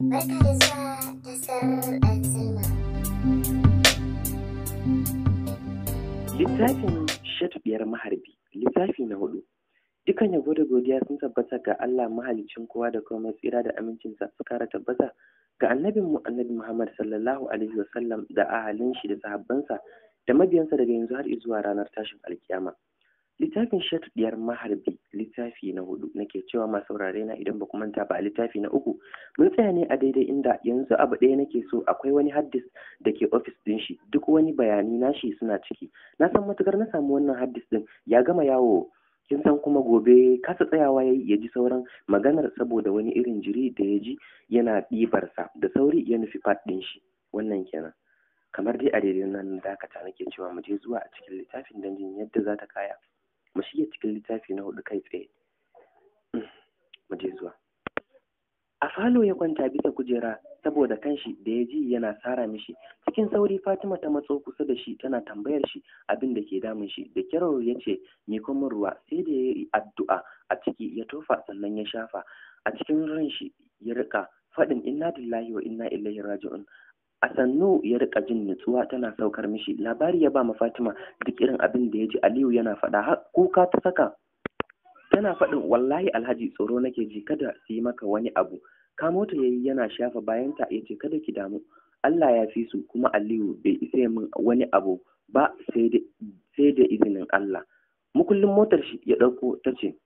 littafin da zuwa Littafin Shatubiyar Maharbi, littafi na hudu. Dukan yabo da godiya sun tabbata ga Allah mahalicin kowa da kuma tsira da amincinsa su kara tabbata ga annabin mu annabi Muhammad sallallahu alaihi wasallam da ahalin shi da sahabbansa da mabiyansa daga yanzu har zuwa ranar tashin alkiyama. littafin ɗiyar maharbi littafi na hudu nake cewa masu saurare na idan ba manta ba littafi na uku mun tsaya ne a daidai inda yanzu abu ɗaya nake so akwai wani haddis da ke ofis ɗin shi duk wani bayani na shi suna ciki na san matukar na samu wannan haddis ɗin ya gama yawo kin san kuma gobe kasa tsayawa yayi ya ji sauran maganar saboda wani irin jiri da ya ji yana ɗibarsa da sauri ya nufi fat ɗin shi wannan kenan kamar dai a daidai nan dakata nake cewa mu je zuwa a cikin littafin dangin yadda za ta kaya mu shiga cikin littafi na hudu kai tsaye mu je zuwa a falo ya kwanta bisa kujera saboda kanshi da ya ji yana sara mishi cikin sauri fatima ta matso kusa da shi tana tambayar shi abin da ke damun shi da kyarau ya ce mai kuma ruwa sai da ya yi addu'a a ciki ya tofa sannan ya shafa a cikin ran shi ya rika faɗin inna lillahi wa inna ilaihi raji'un a sannu ya rika jin nutsuwa tana saukar mishi labari ya ba ma fatima duk irin abin da ya ji aliyu yana faɗa kuka ta saka tana faɗin wallahi alhaji tsoro nake ji kada su yi maka wani abu ka ta yayi yana shafa bayanta ya ce kada ki damu Allah ya fi su kuma Aliyu bai isa min wani abu ba sai da izinin Allah. Mukullin motar shi ya ɗauko ta ce,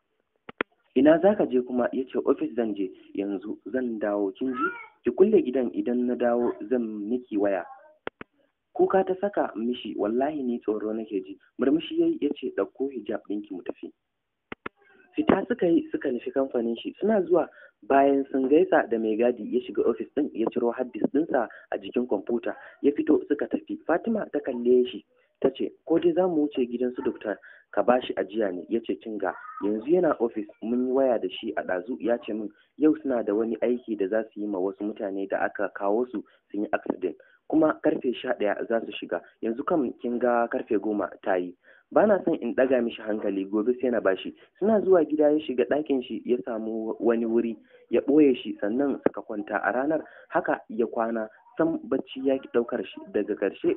ina zaka je kuma yace ce ofis zan je yanzu zan dawo kin ji ki kulle gidan idan na dawo zan miki waya kuka ta saka mishi wallahi ni tsoro nake ji murmushi yayi yace dauko ɗauko hijab ɗinki mu tafi fita suka yi suka nufi kamfanin shi suna zuwa bayan sun gaisa da mai gadi ya shiga ofis ɗin ya ciro haddis dinsa a jikin kwamfuta ya fito suka tafi fatima ta kalle shi ta ce ko dai za mu wuce gidan su dokta ka ba shi ajiya ne ya ce yanzu yana ofis mun yi waya da shi a ɗazu ya ce min yau suna da wani aiki da za su yi ma wasu mutane da aka kawo su sun yi accident kuma karfe sha ɗaya za su shiga yanzu kam kin ga karfe goma ta yi ba na son in ɗaga mishi hankali gobe sai na bashi suna zuwa gida ya shiga ɗakin shi ya samu wani wuri ya ɓoye shi sannan suka kwanta a ranar haka ya kwana sam bacci ya ki ɗaukar shi daga ƙarshe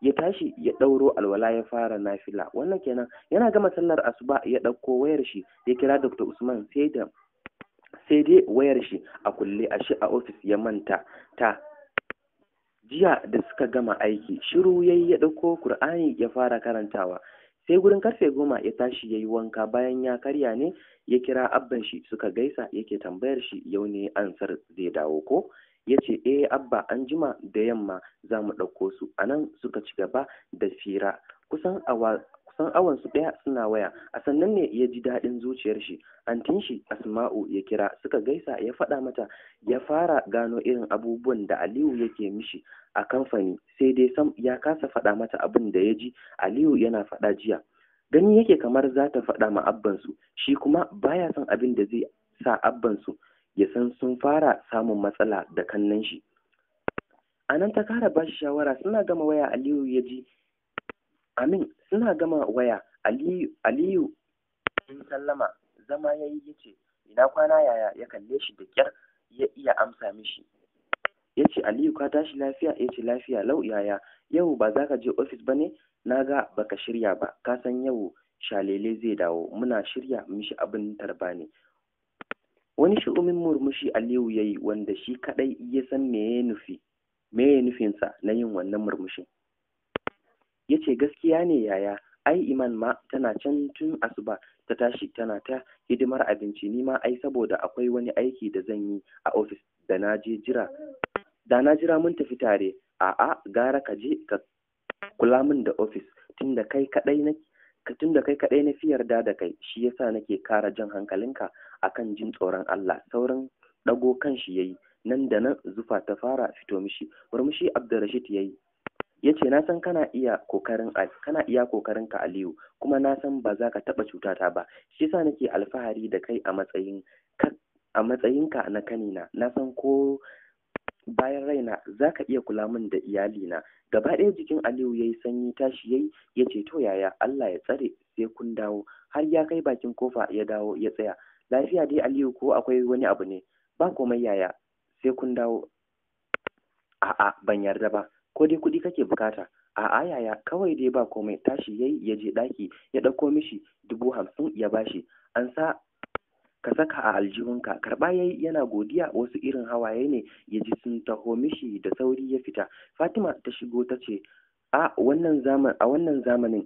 ya tashi ya ɗauro alwala ya fara nafila wannan kenan yana gama sallar asuba ya ɗauko wayar shi ya kira dr usman sai da sai dai wayar shi a kulle a shi a ofis ya manta ta jiya da suka gama aiki shiru ya yi ya ɗauko Kur'ani ya fara karantawa sai gurin karfe goma ya tashi ya yi wanka bayan ya karya ne ya kira abban shi suka gaisa yake tambayar shi yau ne ansar zai dawo ko ya ce eh abba an jima da yamma za mu ɗauko su a nan suka ci gaba da fira kusan awa kusan awan su ɗaya suna waya a sannan ne ya ji daɗin zuciyar shi antin shi asma'u ya kira suka gaisa ya faɗa mata ya fara gano irin abubuwan da aliyu yake mishi a kamfani sai dai sam ya kasa faɗa mata abin da ya ji aliyu yana faɗa jiya gani yake kamar za ta faɗa ma abbansu shi kuma baya son abin da zai sa abbansu ya san sun fara samun matsala da kannan shi a nan ta kara ba shi shawara suna gama waya aliyu ya ji amin suna gama waya aliyu aliyu in sallama zama ya yi yace ina kwana yaya ya kalle shi da kyar ya iya amsa mishi ya ce aliyu ka tashi lafiya ya ce lafiya lau yaya yau ba za ka je ofis ba ne na ga baka shirya ba ka san yau shalele zai dawo muna shirya mishi abin tarba ne wani shi'umin murmushi aliyu ya yi wanda shi kaɗai ya san me ya nufi me ya nufinsa na yin wannan murmushi. ya ce gaskiya ne yaya ai iman ma tana can tun asuba ta tashi tana ta hidimar abinci ni ma ai saboda akwai wani aiki da zan yi a ofis da na je jira da na jira mun tafi tare a'a gara ka je ka kula min da ofis tunda kai kaɗai tun da kai kaɗai na fi yarda da kai shi yasa nake kara jan hankalinka akan jin tsoron Allah saurin ɗago kan shi yayi nan da nan zufa ta fara fito mishi murmushi Abdulrashid yayi yace na san kana iya kokarin kana iya kokarin ka Aliyu kuma na san ba za ka taɓa cuta ta ba shi yasa nake alfahari da kai a matsayin a matsayinka na kanina na san ko bayan raina za ka iya kula min da iyalina gaba ɗaya jikin aliyu ya yi sanyi tashi ya yi ya ce to yaya allah ya tsare sai kun dawo har ya kai bakin kofa ya dawo ya tsaya lafiya dai aliyu ko akwai wani abu ne ba komai yaya sai kun dawo a'a ban yarda ba ko dai kuɗi kake bukata a'a yaya kawai dai ba komai tashi ya yi ya je ɗaki ya ɗauko mishi dubu hamsin ya bashi an sa ka saka a aljihunka karɓa yayi yana godiya wasu irin hawaye ne ya ji sun taho mishi da sauri ya fita fatima ta shigo ta ce a wannan zaman a wannan zamanin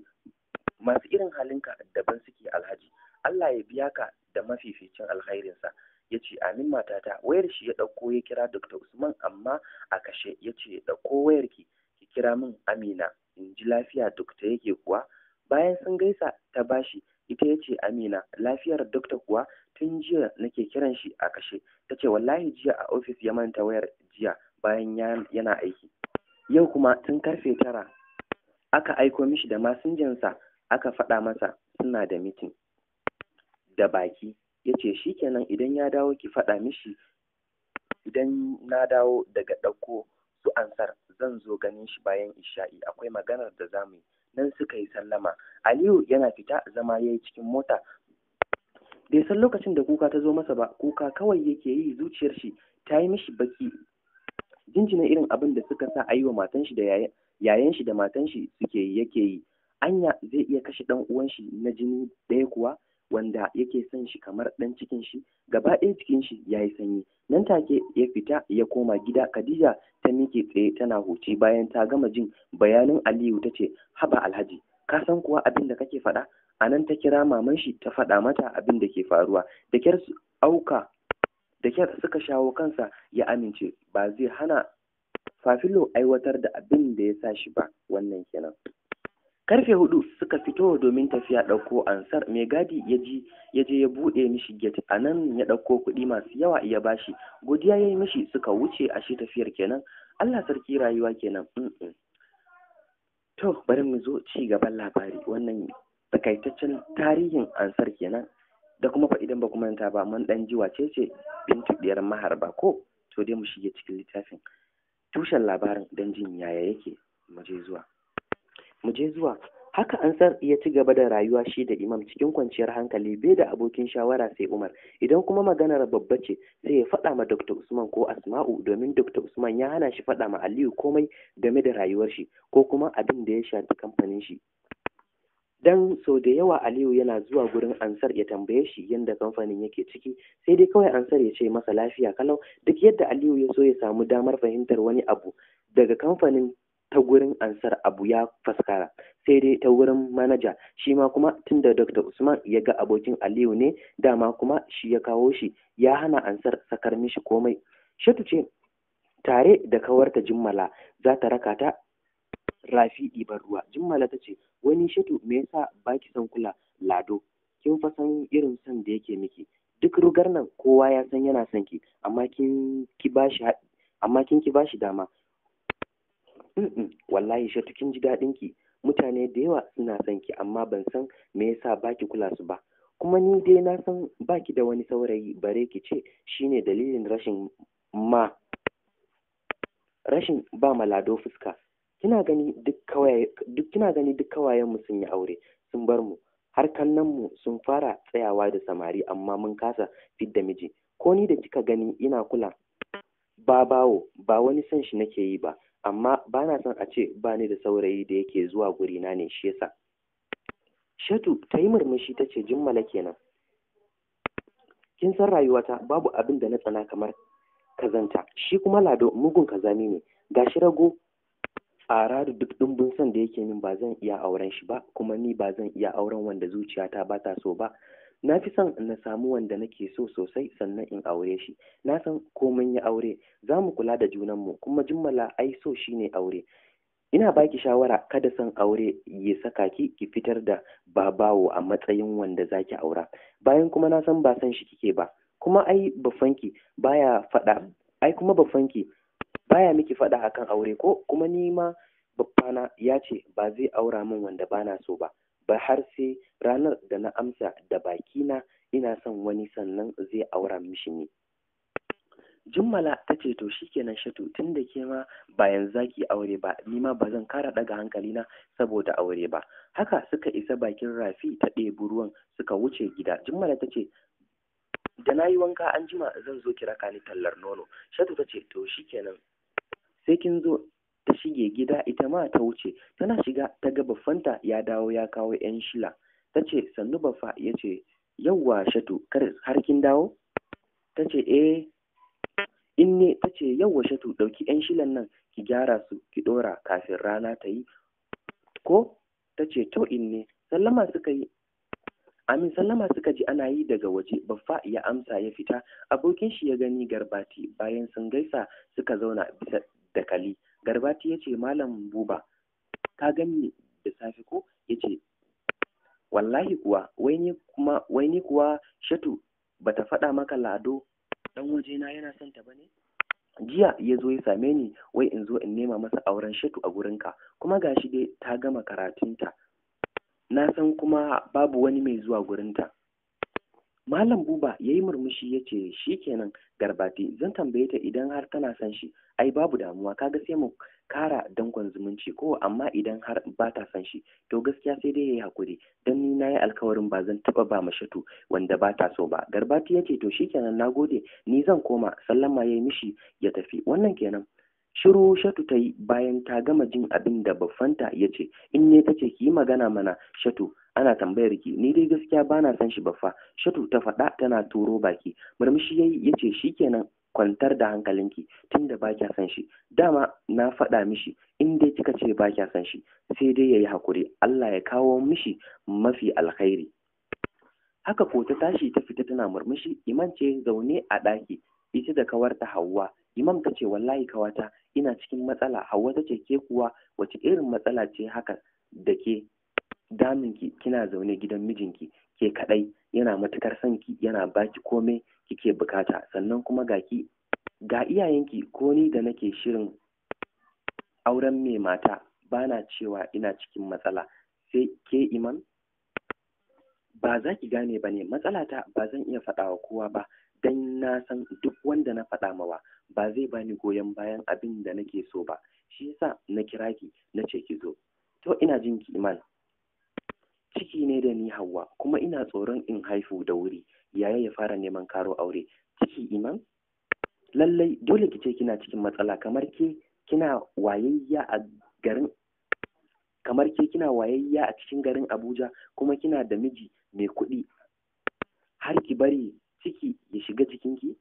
masu irin halinka daban suke alhaji allah ya biya ka da mafificin alkhairinsa ya ce amin matata wayar shi ya ɗauko ya kira dr usman amma a kashe ya ce ɗauko wayarki ki kira min amina in ji lafiya duk yake kuwa bayan sun gaisa ta bashi ita yace amina lafiyar dokta kuwa tun jiya nake kiran shi a kashe ta ce wallahi jiya a ofis ya manta wayar jiya bayan yana aiki yau kuma tun karfe tara aka aiko mishi da masinjansa aka faɗa masa suna da mitin da baki ya ce shikenan idan ya dawo ki faɗa mishi idan na dawo daga ɗauko su ansar zan zo ganin shi bayan isha'i akwai maganar da za yi nan suka yi sallama aliyu yana fita zama ya yi cikin mota bai san lokacin da kuka ta zo masa ba kuka kawai yake yi zuciyar shi ta yi mishi baki jinjina irin abin da suka sa ayi wa matan shi da yayan shi da matan shi suke yake yi anya zai iya kashe dan uwan shi na jini ɗaya kuwa wanda yake son shi kamar ɗan cikin shi gaba ɗaya cikin shi ya yi sanyi nan take ya fita ya koma gida khadija ta miƙe tsaye tana huci bayan ta gama jin bayanin aliyu tace haba alhaji ka san kuwa abin da kake faɗa a nan ta kira maman shi ta faɗa mata abin da ke faruwa da kyar auka da kyar suka shawo kansa ya amince ba zai hana fafilo aiwatar da abin da ya sa shi ba wannan kenan karfe hudu suka fito domin tafiya ɗauko ansar mai gadi ya ji ya je ya buɗe mishi gate a nan ya ɗauko kuɗi masu yawa ya bashi godiya ya yi mishi suka wuce a shi tafiyar kenan allah sarki rayuwa kenan to bari mu zo ci gaban labari wannan takaitaccen tarihin ansar kenan da kuma fa'idan ba kuma ba mun ɗan ji wace ce bintu ɗiyar maharba ko to dai mu shige cikin littafin tushen labarin dan jin yaya yake mu je zuwa mu je zuwa haka ansar ya ci gaba da rayuwa shi da imam cikin kwanciyar hankali bai da abokin shawara sai umar idan kuma maganar babba ce sai ya faɗa ma dr usman ko asma'u domin dr usman ya hana shi faɗa ma aliyu komai game da rayuwar shi ko kuma abin da ya shafi kamfanin shi dan sau da yawa aliyu yana zuwa gurin ansar ya tambaye shi yadda kamfanin yake ciki sai dai kawai ansar ya ce masa lafiya kalau duk yadda aliyu ya so ya samu damar fahimtar wani abu daga kamfanin ta gurin ansar abu ya faskara sai dai ta wurin manaja shi ma kuma da dr usman ya ga abokin aliyu ne dama kuma shi ya kawo shi ya hana ansar sakar mishi komai shatu ce tare da kawarta jimmala za ta raka ta rafi ibar ruwa jimmala ta ce wani shatu me yasa baki son kula lado kin fasan irin son da yake miki duk rugar nan kowa ya san yana sanki, ki amma kin ki bashi amma kin ki bashi dama Mm-mm, wallahi shatu kin ji daɗin ki. Mutane da yawa suna son ki amma ban san me yasa baki kula su ba. Kuma ni dai na san baki da wani saurayi bare ki ce shine dalilin rashin ma rashin ba malado fuska. Kina gani duk kawai duk kina gani duk kawayen mu sun yi aure sun bar mu har kannan mu sun fara tsayawa da samari amma mun kasa fidda miji. Ko ni da kika gani ina kula ba bawo ba wani son shi nake yi ba amma ba na son a ce ba ni da saurayi da yake zuwa guri na ne shi yasa shatu ta yi murmushi ta ce jimmala kenan kin san rayuwata babu abin da na tsana kamar kazanta shi kuma lado mugun kazami ne gashi rago tsara da duk ɗumbin san da yake min ba zan iya auren shi ba kuma ni ba zan iya auren wanda zuciyata ba ta so ba na fi son na samu wanda nake so sosai sannan in aure shi na san ko mun ya aure za mu kula da junanmu kuma jimmala ai so shine aure ina baki shawara kada son aure ya saka ki ki fitar da babawo a matsayin wanda zaki aura bayan kuma na san ba san shi kike ba kuma ai bafanki baya fada ai kuma bafanki baya miki fada akan aure ko kuma ni ma babbana ya ce ba zai aura min wanda bana so ba ba har sai ranar da na amsa da bakina ina son wani sannan zai aura mishi ne jummala ta ce to shikenan shatu tun da ke ma ba yanzu zaki aure ba nima ma ba zan kara daga hankalina saboda aure ba haka suka isa bakin rafi ta ɗebi ruwan suka wuce gida jummala ta ce da na yi wanka an jima zan zo kira ka ni tallar nono shatu ta ce to shikenan sai kin zo ta shige gida ita ma ta wuce tana shiga ta ga baffanta ya dawo ya kawo yan shila ta ce sannu baffa ya ce yawwa shatu har kin dawo ta ce eh in ne ta ce yawwa shatu ɗauki yan shilan nan ki gyara su ki ɗora kafin rana ta yi ko ta ce to in ne sallama suka yi Amin sallama suka ji ana yi daga waje baffa ya amsa ya fita abokin shi ya gani garbati bayan sun gaisa suka zauna bisa dakali Garbati ya ce Malam Buba, ka gani da safe ko? Ya ce, Wallahi kuwa, wai ni kuwa Shatu ba ta faɗa maka lado ɗan na yana son ta ba ne? Jiya ya zo ya same ni wai in zo in nema masa auren Shatu a gurinka, kuma gashi dai ta gama karatunta. Na san kuma babu wani mai zuwa gurinta. Malam Buba ya yi murmushi ya ce shi kenan garbati zan tambaye ta idan har tana son shi ai babu damuwa kaga sai mu kara dangon zumunci ko amma idan har ba ta son shi to gaskiya sai dai ya yi hakuri dan ni na yi alkawarin ba zan taba ba mashatu wanda ba ta so ba garbati ya ce to shi na gode ni zan koma sallama ya yayi mishi ya tafi wannan kenan shiru shatu ta yi bayan ta gama jin abin da baffanta ya ce in ne ta ce ki yi magana mana shatu ana tambayar ki ni dai gaskiya bana san shi baffa shatu ta faɗa tana turo baki murmushi yayi yace shikenan kwantar da hankalinki tunda ba kya san shi dama na faɗa mishi in dai kika ce ba kya san shi sai dai yayi hakuri Allah ya kawo mishi mafi alkhairi haka ko ta tashi ta fita tana murmushi iman ce zaune a ɗaki ita da kawarta Hauwa imam ta ce wallahi kawata ina cikin matsala Hauwa ta ce ke kuwa wace irin matsala ce haka da ke damin ki kina zaune gidan mijinki ke kaɗai yana matukar son ki yana baki komai kike bukata sannan kuma ga ki ga iyayenki ko ni da nake shirin auren mai mata bana cewa ina cikin matsala sai ke iman ba za ki gane ba ne matsalata ba zan iya faɗa wa kowa ba don na san duk wanda na faɗa mawa ba zai bani goyon bayan abin da nake so ba shi yasa na kira ki na ce ki zo to ina jin ki iman ciki ne da ni Hauwa kuma ina tsoron in haifu da wuri yaya ya fara neman karo aure ciki iman lallai dole ki ce kina cikin matsala kamar ke kina wayayya a garin kamar ke kina wayayya a cikin garin Abuja kuma kina da miji mai kuɗi har ki bari ciki ya shiga cikinki?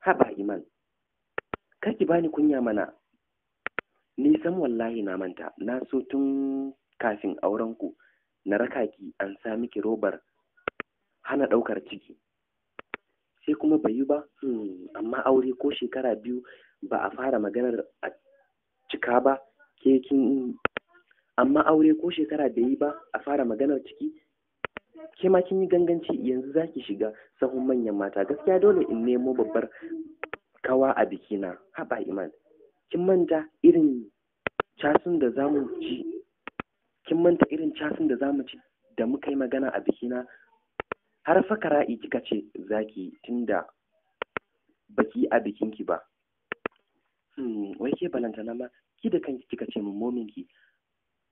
haba iman kar ki bani kunya mana ni san wallahi na manta na so tun kafin aurenku na raka ki an sa miki robar hana ɗaukar ciki sai kuma bai ba hmm, amma aure ko shekara biyu ba a fara maganar a cika ba ke kin amma aure ko shekara bai yi ba a fara maganar ciki ke ma kin yi ganganci yanzu zaki shiga sahun manyan mata gaskiya dole in nemo babbar kawa a bikina haba iman kin manta irin casun da zamu ci kin manta irin casin da zamu ci da muka yi magana a bikina har fakara'i kika ce zaki tunda baki a bikinki ba hmm, wai ke balanta ma ki da kanki kika ce ki?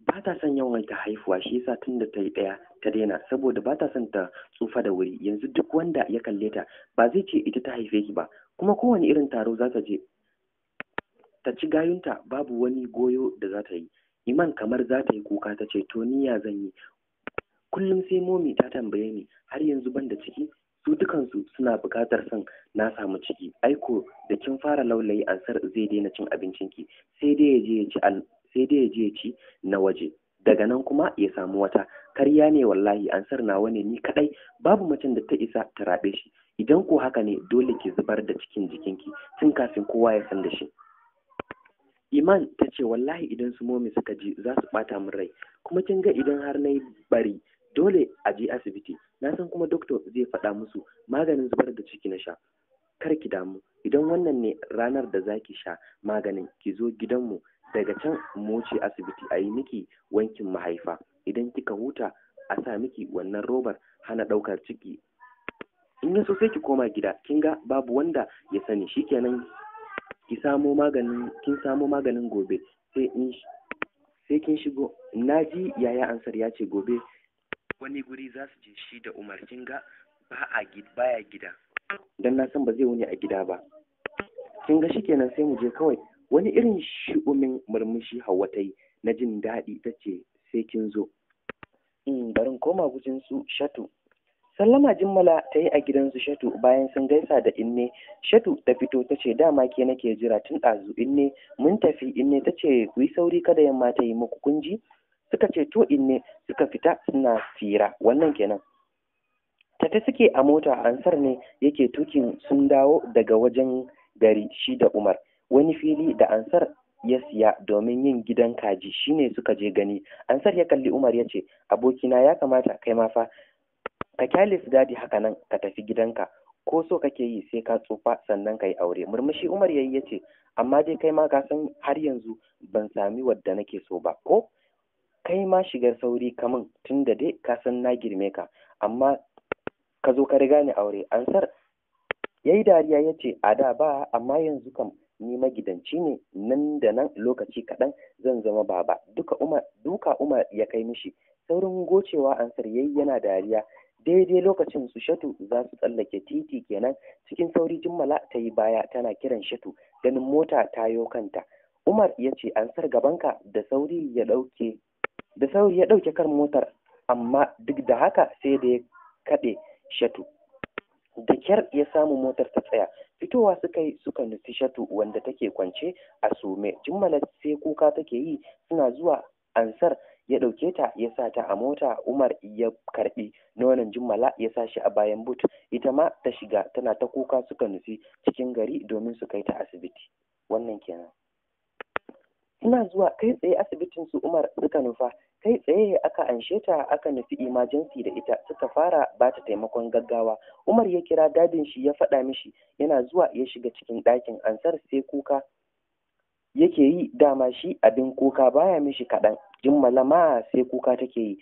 ba ta son yawan ta haifuwa shi yasa tun da ta yi ɗaya ta daina saboda ba ta son ta tsufa da wuri yanzu duk wanda ya kalle ta ba zai ce ita ta haife ki ba kuma kowane irin taro za ta je ta ci gayunta babu wani goyo da za ta yi Iman kamar za ta yi kuka ta ce to ni ya zan yi. Kullum sai momi ta tambaye ni har yanzu ban da ciki su dukansu suna buƙatar son na samu ciki aiko da kin fara laulayi ansar zai daina cin ki sai dai ya je ya ci sai dai ya je ya ci na waje daga nan kuma ya samu wata karya ne wallahi ansar nawa ne ni kadai babu macen da ta isa ta rabe shi idan ko haka ne dole ki zubar da cikin jikinki tun kafin kowa ya san da shi Iman ta ce wallahi idan su momi suka ji za su bata min rai kuma kin ga idan har na yi bari dole a je asibiti na san kuma doktor zai faɗa musu maganin zubar da ciki na sha kar ki damu idan wannan ne ranar da zaki sha maganin ki zo gidanmu daga can mu ce asibiti a yi miki wankin mahaifa idan kika huta a sa miki wannan robar hana ɗaukar ciki in yaso sai ki koma gida kin ga babu wanda ya sani shikenan ki samo maganin kin samo maganin gobe sai in sai kin shigo naji yaya ansar ya ce gobe wani guri za su je shi da umar kin ga ba a baya gida dan na san ba zai wuni a gida ba kin ga shikenan sai mu je kawai wani irin shi'umin murmushi hawa ta yi na jin daɗi ta ce sai kin zo In hmm, barin koma gujin su shatu sallama jimmala ta yi a gidan su shatu bayan sun gaisa da inne shatu ta fito ta ce dama ke nake jira tun ɗazu inne mun tafi inne ta ce ku yi sauri kada yamma ta yi muku kunji suka ce to inne suka fita suna tsira wannan kenan tafi suke a mota ansar ne yake tukin sun dawo daga wajen gari shi da umar wani fili da ansar ya siya domin yin gidan kaji shine suka je gani ansar ya kalli umar ya ce abokina ya kamata kai ma fa ka kyale su dadi haka nan ka tafi gidanka ko so kake yi sai ka tsufa sannan ka yi aure murmushi umar yayi ya ce amma dai kai ma ka san har yanzu ban sami wadda nake so ba ko kai ma shigar sauri kamun tun da dai ka san na girme ka amma ka zo ka riga ni aure ansar yayi dariya ya ce a da ba amma yanzu kam ni magidanci ne nan da nan lokaci kaɗan zan zama baba duka umar duka umar ya kai mishi saurin gocewa ansar yayi yana dariya daidai lokacin su shatu za su tsallake titi kenan cikin sauri jimmala ta yi baya tana kiran shatu ganin mota ta yo kanta umar ya ce an sar gabanka da sauri ya ɗauke kan motar amma duk da haka sai da ya kaɗe shatu da kyar ya samu motar ta tsaya fitowa suka yi suka nufi shatu wanda take kwance a sume jimmala sai kuka take yi suna zuwa ansar ya ɗauke ta ya sa ta a mota umar ya karɓi nonon jummala ya sa shi a bayan but ita ma ta shiga tana ta kuka suka nufi cikin gari domin su kai ta asibiti wannan kenan Ina zuwa kai tsaye asibitin su umar suka nufa kai tsaye aka anshe ta aka nufi imajensi da ita suka fara ba ta taimakon gaggawa umar ya kira dadin shi ya faɗa mishi yana zuwa ya shiga cikin ɗakin ansar sai kuka yake yi dama shi abin kuka baya mishi kaɗan jimmala ma sai kuka take yi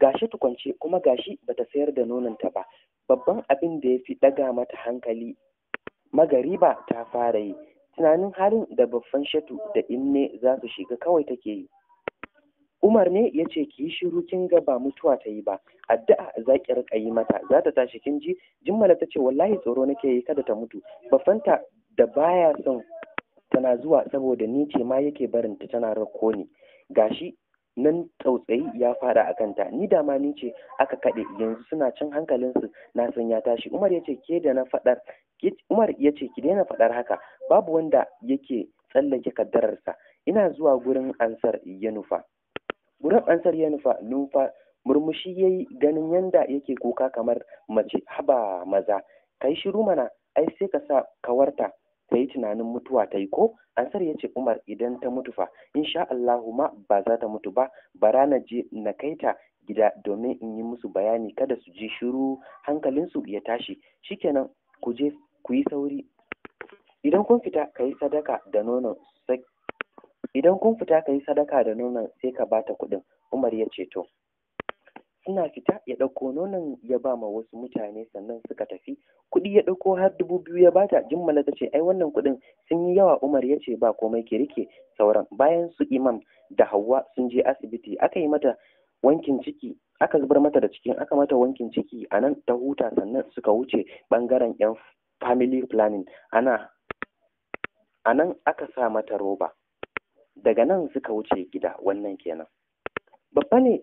gashi tukwance kuma gashi bata sayar da nononta ba babban abin da ya fi ɗaga mata hankali magariba ta fara yi tunanin halin da babban shatu da inne za su shiga kawai take yi umar ne ya ce ki yi shiru kin ga ba mutuwa ta yi ba addu'a za ki rika yi mata za ta tashi kin ji jimmala ta ce wallahi tsoro nake yi kada ta mutu babbanta da baya son tana zuwa saboda ni ce ma yake ta tana rakko ni gashi nan tsautsayi ya fada a kanta ni da ma ni ce aka kaɗe yanzu suna cin hankalinsu na san ya tashi umar ya ce ke da na faɗar umar ya ce ki daina faɗar haka babu wanda yake tsallake kaddararsa ina zuwa gurin ansar ya nufa gurin ansar ya nufa nufa murmushi ya yi ganin yanda yake kuka kamar mace haba maza ka shiru mana ai sai ka sa kawarta ta yi tunanin mutuwa ta yi ko ansar ya ce umar idan ta mutu fa insha allahu ma ba za ta mutu ba bara na je na kai ta gida domin in yi musu bayani kada su ji shiru hankalinsu ya tashi shikenan ku je ku yi sauri idan kun fita ka yi sadaka da nonon idan ka yi sadaka sai ka bata kuɗin umar ya ce to Ina fita ya ɗauko nonon ya ba ma wasu mutane sannan suka tafi kuɗi ya ɗauko har dubu biyu ya bata jimmala ta ce ai wannan kuɗin sun yi yawa umar ya ce ba komai ke rike sauran bayan su imam da hawa sun je asibiti aka yi mata wankin ciki aka zubar mata da cikin aka mata wankin ciki a nan ta huta sannan suka wuce ɓangaren yan family planning ana a nan aka sa mata roba daga nan suka wuce gida wannan kenan babba ne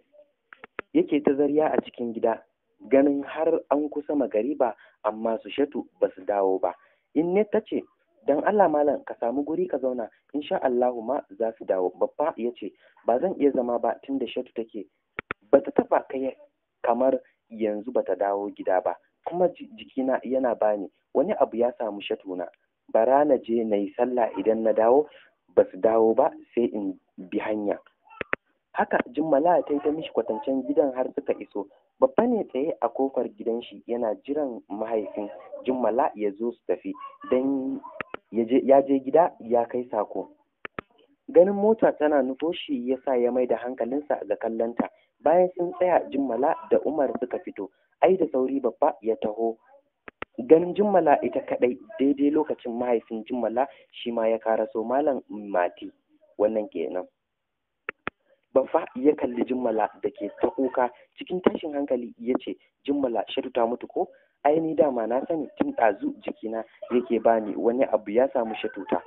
yake ta zarya a cikin gida ganin har an kusa magariba amma su shatu ba su dawo ba in ne ta ce dan Allah malam ka samu guri ka zauna insha Allahu ma za su dawo babba ya ce ba zan iya zama ba tunda shatu take ba ta taba kai kamar yanzu ba ta dawo gida ba kuma jikina yana bani wani abu ya samu Shatu na. bara na je na yi sallah idan na dawo ba su dawo ba sai in bi hanya haka jimmala ta yi ta mishi kwatancen gidan har suka iso babba ne tsaye a kofar gidan shi yana jiran mahaifin jimmala ya zo su tafi don ya je gida ya kai sako ganin mota tana nufo shi ya sa ya mai da hankalinsa ga kallonta bayan sun tsaya jimmala da umar suka fito ai da sauri babba ya taho ganin jimmala ita kadai daidai lokacin mahaifin jimmala shi ma ya karaso malam mati wannan kenan Baffa ya kalli jimmala da ke ta kuka cikin tashin hankali ya ce, jimmala shatu ta mutu ko? Ai ni dama na sani tun ɗazu jikina yake bani wani abu ya samu shatu ta.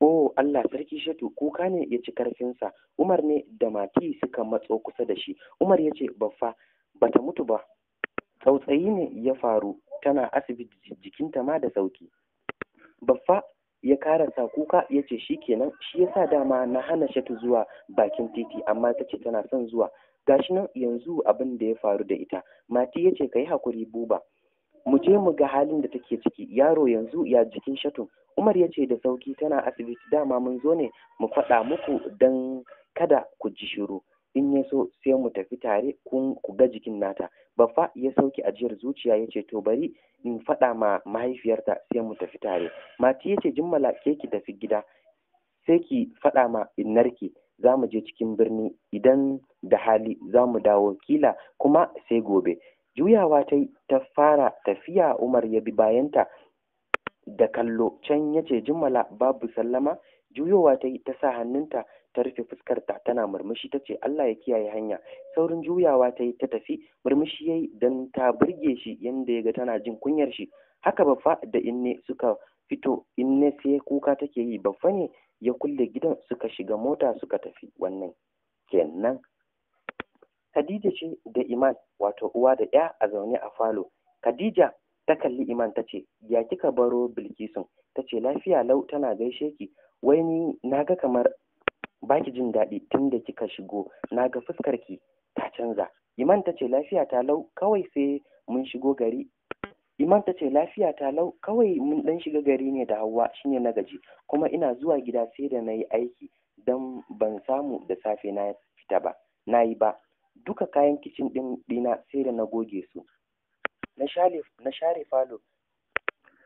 Oh Allah sarki shatu kuka ne ya ci karfinsa. Umar ne da mati suka matso kusa da shi. Umar ya ce, Baffa bata mutu ba. Tsautsayi ne ya faru tana asibiti jikinta ma da sauki. Baffa ya karasa kuka ya ce shi kenan shi ya sa dama na hana shatu zuwa bakin titi amma ta ce tana son zuwa gashi nan yanzu abin da ya faru da ita mati ya ce ka yi hakuri buba mu je mu ga halin da take ciki yaro yanzu ya jikin shatu umar ya ce da sauki tana asibiti dama mun zo ne mu faɗa muku don kada ku ji shiru in ya so sai mu tafi tare kun ku ga jikin nata baffa ya sauke ajiyar zuciya ya ce to bari in faɗa ma mahaifiyarta sai mu tafi tare mati ya ce jimmala ke ki tafi gida sai ki faɗa ma innarki za mu je cikin birni idan da hali za mu dawo kila kuma sai gobe juyawa ta ta fara tafiya umar ya bi bayanta da kallo can ya ce jimmala babu sallama juyowa ta yi ta sa hannunta ta rufe fuskarta tana murmushi ta ce Allah ya kiyaye hanya saurin juyawa ta yi ta tafi murmushi ya yi don ta burge shi yadda ya ga tana jin kunyar shi haka fa da inne suka fito inne sai kuka take yi fa ne ya kulle gidan suka shiga mota suka tafi wannan kenan Khadija ce da Iman wato uwa da ya a zaune a falo Khadija ta kalli Iman ta ce ya kika baro Bilkisun ta ce lafiya lau tana gaishe ki wai ni na ga kamar Ba ki jin daɗi tun da kika shigo na ga fuskar ki ta canza iman ta ce lafiya ta lau kawai sai mun shigo gari iman ta ce lafiya ta lau kawai mun dan shiga gari ne da hawa shine na gaji kuma ina zuwa gida sai da nayi aiki don ban samu da safe na fita ba nayi ba duka kayan kicin ɗin dina sai da na goge su na share falo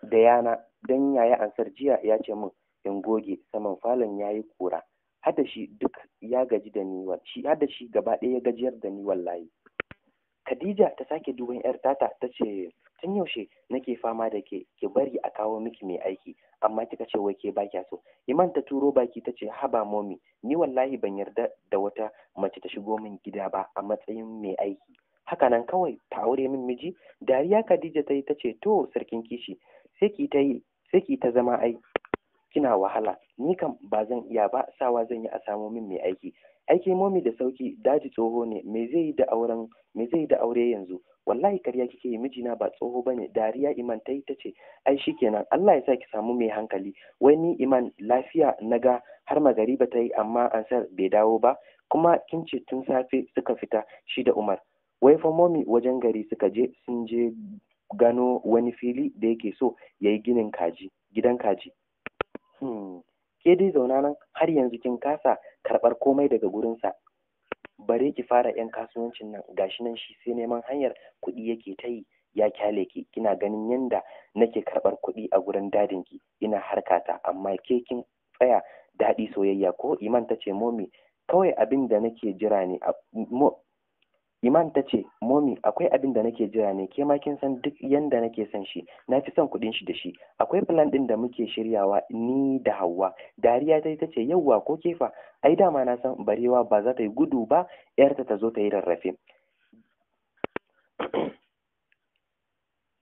da yana don yaya ansar jiya ya ce min in goge saman falon yayi kura hada shi duk ya gaji da ni shi hada gaba ɗaya ya gajiyar da ni wallahi Khadija ta sake duban yar tata ta ce tun yaushe nake fama da ke ki bari a kawo miki mai aiki amma kika ce wai ke baki so Iman ta turo baki ta ce haba momi ni wallahi ban yarda da wata mace ta shigo min gida ba a matsayin mai aiki haka nan kawai ta aure min miji dariya Khadija ta yi ta ce to sarkin kishi sai ki ta sai ki ta zama ai kina wahala ni kam ba zan iya ba sawa zan yi a samo min mai aiki aiki momi da sauki daji tsoho ne me zai yi da auren me zai yi da aure yanzu wallahi karya kike yi mijina ba tsoho bane dariya iman tai ta ce ai kenan Allah ya sa ki samu mai hankali wai ni iman lafiya naga har magariba ta yi amma ansar bai dawo ba kuma kin ce tun safe suka fita shi da Umar wai fa momi wajen gari suka je sun je gano wani fili da yake so yayi ginin kaji gidan kaji Hmm. ke dai zauna nan har yanzu kin kasa karɓar komai daga gurinsa bare ki fara yan kasuwancin nan gashi nan shi sai neman hanyar kuɗi yake ta yi ya kyale ki kina ganin yanda nake karɓar kuɗi a gurin dadin ki ina harkata amma ke kin tsaya daɗi soyayya ko iman ta ce momi kawai abin da nake jira ne Iman ta ce, Momi, akwai abin da nake jira ne, ke ma kin san duk yanda nake son shi, na fi son kuɗin shi da shi. Akwai plan ɗin da muke shiryawa ni da Hauwa. Dariya ta ta ce, yauwa ko kefa, ai dama na san barewa ba za ta yi gudu ba, ‘yarta ta zo ta yi rarrafe.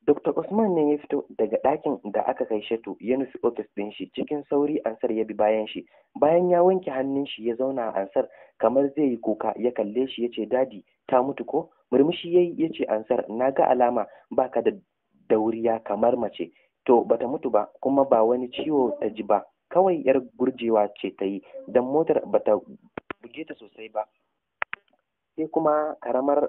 Dr. Usman ne ya fito daga ɗakin da aka kai Shatu ya nufi ofis ɗin shi cikin sauri Ansar ya bi bayan shi. Bayan ya wanke hannun shi ya zauna a Ansar kamar zai yi kuka ya kalle shi ya ce dadi ta mutu ko? Murmushi ya yi ya ce Ansar na ga alama baka da dauriya kamar mace. To bata mutu ba kuma ba wani ciwo ta ji ba. Kawai yar gurjewa ce ta yi don motar bata buge ta sosai ba. Sai kuma karamar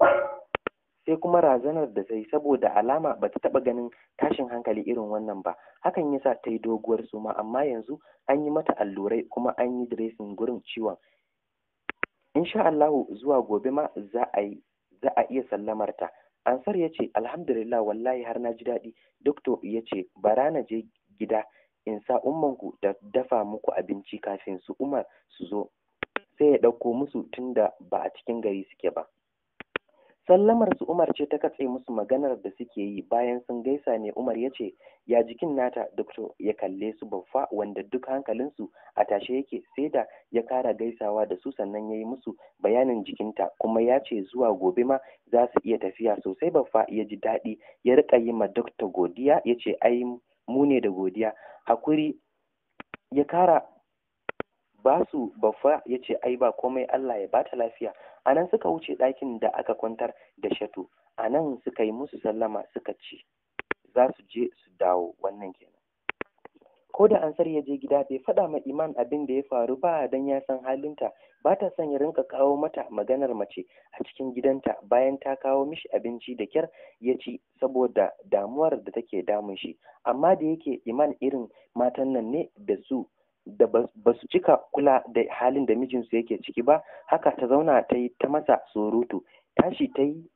sai kuma razanar da ta yi saboda alama ba ta taɓa ganin tashin hankali irin wannan ba hakan ya sa ta yi doguwar suma amma yanzu an yi mata allurai kuma an yi diresin gurin ciwon insha Allahu zuwa gobe ma za a yi za a iya sallamar ta ansar ya ce alhamdulillah wallahi har na ji daɗi doctor ya ce bara na je gida in sa ummanku da dafa muku abinci kafin su umar su zo sai ya ɗauko musu tunda ba a cikin gari suke ba sallamar su umar ce ta katse musu maganar da suke yi bayan sun gaisa ne umar ya ce ya jikin nata doktor ya kalle su baffa wanda duk hankalinsu a tashe yake sai da ya kara gaisawa da su sannan ya yi musu bayanin jikinta kuma ya ce zuwa gobe ma za su iya tafiya sosai baffa ya ji daɗi ya riƙa yi ma doktor godiya ya ce ai mu ne da godiya hakuri ya kara basu baffa ya ce ai ba komai allah ya bata lafiya a nan suka wuce ɗakin da aka kwantar da shatu a nan suka yi musu sallama suka ci. za su je su dawo wannan kenan ko da ansar ya je gida bai faɗa ma iman abin da ya faru ba don ya san halinta ba ta son ya rinka kawo mata maganar mace a cikin gidanta bayan ta kawo mishi abinci da kyar ya ci saboda damuwar da take damun shi amma da yake iman irin matan nan ne da su da ba su cika kula da halin da mijinsu yake ciki ba haka ta zauna ta yi ta masa surutu tashi ta yi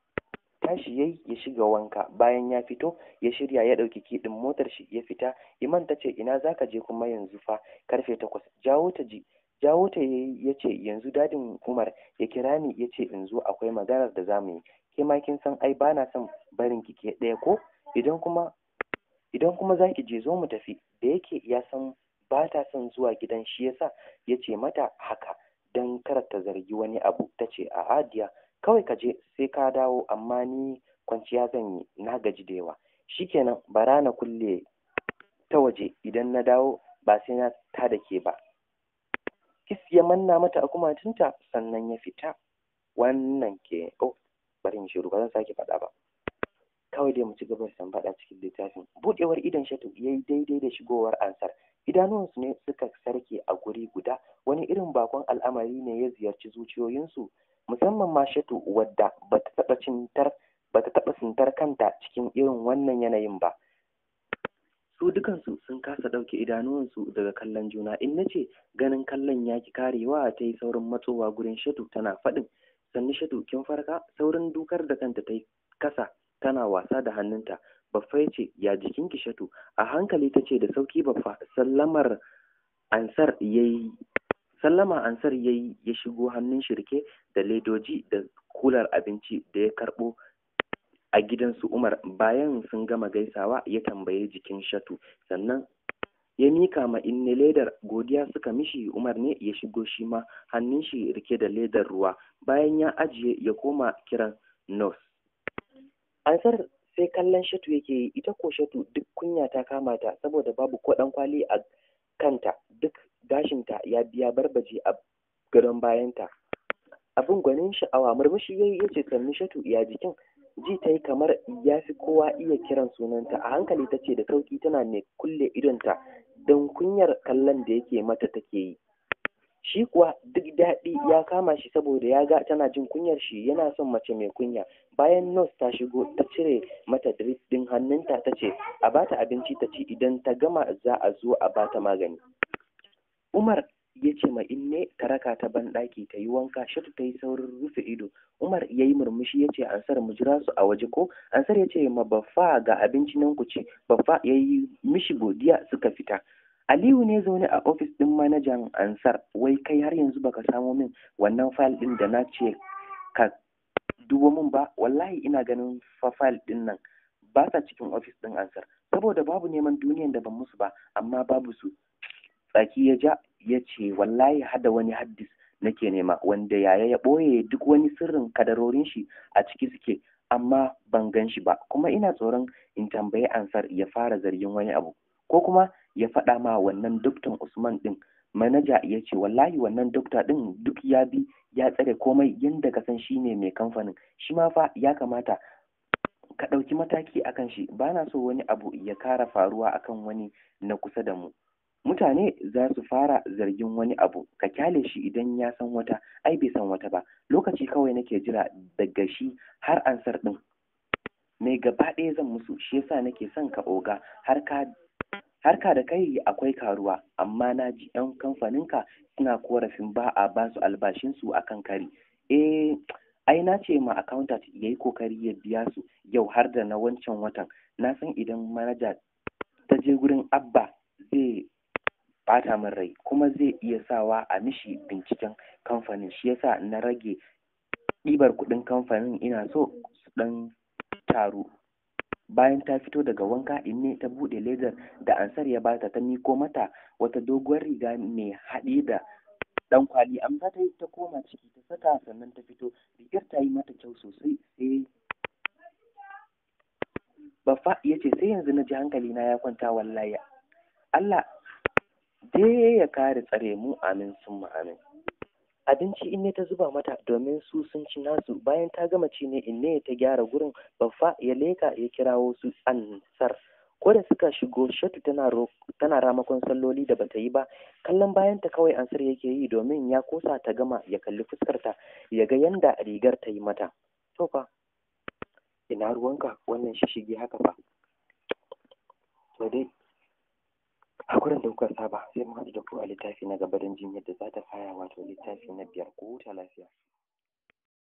yayi ya shiga wanka bayan ya fito ya shirya ya ɗauki kiɗin motar shi ya fita iman ta ce ina zaka je kuma yanzu fa karfe takwas jawo ta ji jawo ta ya ce yanzu dadin umar ya kira ni ya ce in zo akwai maganar da zamu yi ke ma kin san ai bana son barin ki ke ɗaya ko idan kuma idan kuma zaki je zo mu tafi da yake ya san ba ta son zuwa gidan shi yasa ya ce mata haka don kar ta zargi wani abu ta ce a adiya kawai ka je sai ka dawo amma ni kwanciya zan yi na gaji da yawa shikenan bara na kulle ta waje idan na dawo ba sai na ta da ke ba kis ya manna mata a kumatunta sannan ya fita wannan ke oh bari in shiru ba zan sake faɗa ba kawai dai mu ci gaba da faɗa cikin littafin buɗewar idon shatu yayi daidai da shigowar ansar idanuwansu ne suka sarke a guri guda wani irin bakon al'amari ne ya ziyarci zuciyoyinsu musamman ma shatu wadda bata taba cintar kanta cikin irin wannan yanayin ba su dukansu sun kasa dauke idanuwansu daga kallon juna in nace ganin kallon ya ki karewa ta yi saurin matsowa gurin shatu tana faɗin sannu shatu kin farka saurin dukar da kanta ta yi kasa tana wasa da hannunta baffa ya ce ya jikin kishatu a hankali ta ce da sauki baffa sallamar ansar ya yi sallama ansar ya yi ya shigo hannun shirke da ledoji da kular abinci da ya karɓo a gidan su umar bayan sun gama gaisawa ya tambaye jikin shatu sannan ya mika ma inne ledar godiya suka mishi umar ne ya shigo shi ma hannun shi rike da ledar ruwa bayan ya ajiye ya koma kiran nos ansar sai kallon shatu yake yi ita ko shatu duk kunya ta kama ta saboda babu ko dan kwali a kanta duk gashinta ya biya barbaje a gadon bayanta abin gwanin sha'awa murmushi yayi yace sannu shatu ya jikin ji ta yi kamar ya fi kowa iya kiran sunanta a hankali ta ce da sauki tana ne kulle idonta don kunyar kallon da yake mata take yi shi kuwa duk daɗi ya kama shi saboda ya ga tana jin kunyar shi yana son mace mai kunya bayan nurse ta shigo ta cire mata drip din hannunta ta ce a bata abinci ta ci idan ta gama za a zo a bata magani umar ya ce ma inne ta raka ta banɗaki ta yi wanka shatu ta yi saurin rufe ido umar ya yi murmushi ya ce ansar mu jira su a waje ko ansar ya ce ma baffa ga abinci nan ku ci baffa ya yi mishi godiya suka fita Aliyu ne zaune a ofis ɗin manajan Ansar, wai kai har yanzu baka samo min wannan fayil ɗin da na ce ka dubo min ba, wallahi ina ganin fa fayil ɗin nan ba sa cikin ofis ɗin Ansar, saboda babu neman duniyan da ban musu ba, amma babu su. Tsaki ya ja ya ce wallahi hada wani haddis nake nema wanda yaya ya ɓoye duk wani sirrin kadarorin shi a ciki suke amma ban gan shi ba kuma ina tsoron in tambayi ansar ya fara zargin wani abu ko kuma ya faɗa ma wannan doktan usman ɗin manaja ya ce wallahi wannan dokta ɗin duk ya bi ya tsare komai yadda ka san shi ne mai kamfanin shi ma fa ya kamata ka ɗauki mataki akan shi ba na so wani abu ya kara faruwa akan wani na kusa da mu mutane za su fara zargin wani abu ka kyale shi idan ya san wata ai bai san wata ba lokaci kawai nake jira daga shi har ansar ɗin mai gaba ɗaya zan musu shi yasa nake son ka oga har ka harka da kai akwai karuwa amma na ji yan kamfaninka suna korafin ba a su albashinsu a kan kari eh ai na ce ma accountant ya yi kokari ya biya su yau har da na wancan watan na san idan manaja ta je gurin abba zai bata min rai kuma zai iya sawa a mishi binciken kamfanin shi yasa na rage ɗibar kuɗin kamfanin ina so su ɗan taru bayan ta fito daga wanka inne ta buɗe ledar da ansar ya bata ta miko mata wata doguwar riga mai haɗe da dan kwali amsa ta ta koma ciki ta saka sannan ta fito rigar ta yi mata kyau sosai sai baffa ya ce sai yanzu na ji hankali na ya kwanta wallahi Allah dai ya kare tsare mu amin mu amin abinci in inne ta zuba mata domin su sun ci nasu bayan ta gama ci ne inne ta gyara gurin baffa ya leka ya kirawo su ansar ko da suka shigo shatu tana ramakon salloli da bata yi ba kallon bayan ta kawai ansar yake yi domin ya kosa ta gama ya kalli fuskarta ya ga yanda rigar ta yi mata to fa ina ruwanka wannan shishige haka fa to dai a gurin da kuka saba sai mu haɗu da ku a littafi na gaba don jin yadda za ta kaya wato littafi na biyar ku huta lafiya